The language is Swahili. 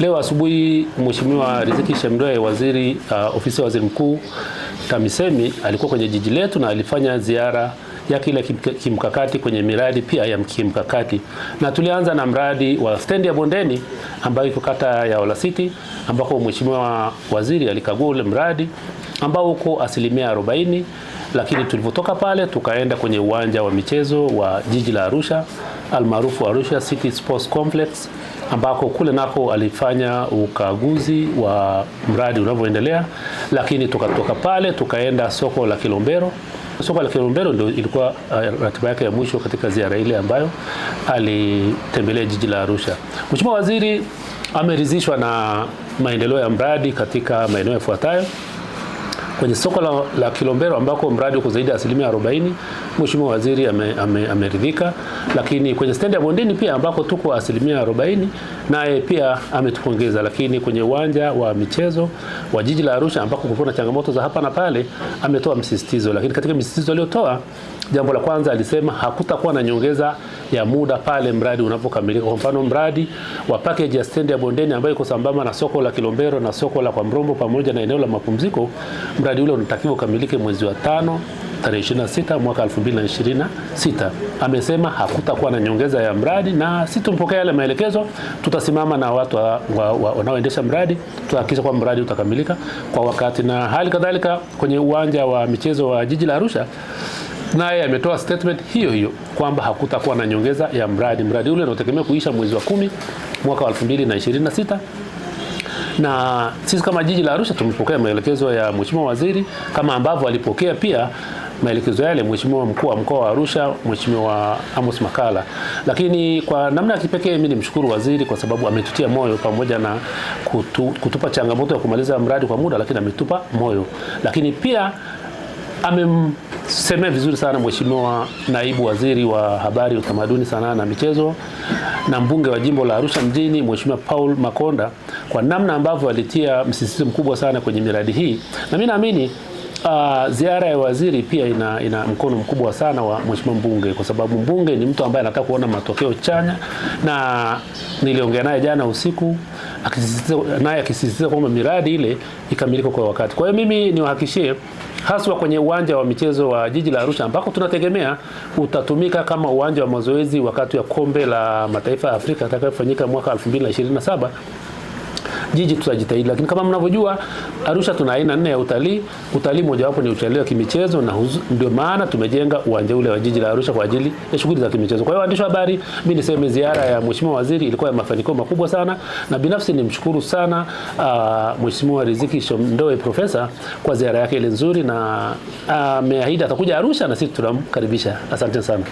Leo asubuhi Mheshimiwa Riziki Shemdoe, waziri uh, ofisi ya waziri mkuu TAMISEMI, alikuwa kwenye jiji letu na alifanya ziara ya ile kimkakati kwenye miradi pia ya kimkakati, na tulianza na mradi wa stendi ya Bondeni ambayo iko kata ya City, ambako mheshimiwa waziri alikagua ule mradi ambao uko asilimia 40, lakini tulivyotoka pale tukaenda kwenye uwanja wa michezo wa jiji la Arusha almaarufu Arusha City Sports Complex ambako kule nako alifanya ukaguzi wa mradi unavyoendelea, lakini tukatoka pale tukaenda soko la Kilombero. Soko la Kilombero ndio ilikuwa uh, ratiba yake ya mwisho katika ziara ile ambayo alitembelea jiji la Arusha. Mheshimiwa Waziri ameridhishwa na maendeleo ya mradi katika maeneo yafuatayo. Kwenye soko la, la Kilombero ambako mradi uko zaidi ya asilimia 40, Mheshimiwa Waziri ameridhika ame, ame, lakini kwenye stendi ya Bondeni pia ambako tuko asilimia 40, naye pia ametupongeza. Lakini kwenye uwanja wa michezo wa jiji la Arusha ambako kulikuwa na changamoto za hapa na pale, ametoa msisitizo, lakini katika msisitizo aliyotoa Jambo la kwanza alisema hakutakuwa na nyongeza ya muda pale mradi unapokamilika. Kwa mfano, mradi wa package ya stendi ya Bondeni ambayo iko sambamba na soko la Kilombero na soko la kwamrombo pamoja na eneo la mapumziko, mradi ule unatakiwa ukamilike mwezi wa tano tarehe 26 mwaka 2026. Amesema hakutakuwa na nyongeza ya mradi, na si tumpokea yale maelekezo. Tutasimama na watu wanaoendesha wa, wa, mradi tutahakikisha kwamba mradi utakamilika kwa wakati, na hali kadhalika kwenye uwanja wa michezo wa jiji la Arusha naye ametoa statement hiyo hiyo kwamba hakutakuwa na nyongeza ya mradi. Mradi ule unaotegemea kuisha mwezi wa kumi mwaka wa 2026 na na sisi kama jiji la Arusha tumepokea maelekezo ya Mheshimiwa Waziri kama ambavyo alipokea pia maelekezo yale Mheshimiwa Mkuu wa Mkoa wa Arusha Mheshimiwa Amos Makala. Lakini kwa namna ya kipekee mimi nimshukuru waziri kwa sababu ametutia moyo pamoja na kutu, kutupa changamoto ya kumaliza mradi kwa muda, lakini ametupa moyo, lakini pia amemsemea vizuri sana Mheshimiwa naibu waziri wa habari, utamaduni, sanaa na michezo na mbunge wa jimbo la Arusha mjini Mheshimiwa Paul Makonda kwa namna ambavyo alitia msisitizo mkubwa sana kwenye miradi hii, na mimi naamini Uh, ziara ya waziri pia ina, ina mkono mkubwa sana wa mheshimiwa mbunge, kwa sababu mbunge ni mtu ambaye anataka kuona matokeo chanya, na niliongea naye jana usiku naye akisisitiza kwamba miradi ile ikamilike kwa wakati. Kwa hiyo mimi niwahakishie haswa kwenye uwanja wa michezo wa jiji la Arusha ambako tunategemea utatumika kama uwanja wa mazoezi wakati wa kombe la mataifa ya Afrika atakayofanyika mwaka 2027 jiji tutajitahidi, lakini kama mnavyojua Arusha tuna aina nne ya utalii. Utalii mojawapo ni utalii wa kimichezo, na ndio maana tumejenga uwanja ule wa jiji la Arusha kwa ajili ya shughuli za kimichezo. Kwa hiyo, waandishi wa habari, mimi niseme ziara ya mheshimiwa waziri ilikuwa ya mafanikio makubwa sana, na binafsi nimshukuru sana uh, mheshimiwa Riziki Shomdoe profesa kwa ziara yake ile nzuri, na ah, ameahidi uh, atakuja Arusha na sisi tunamkaribisha. Asante sana.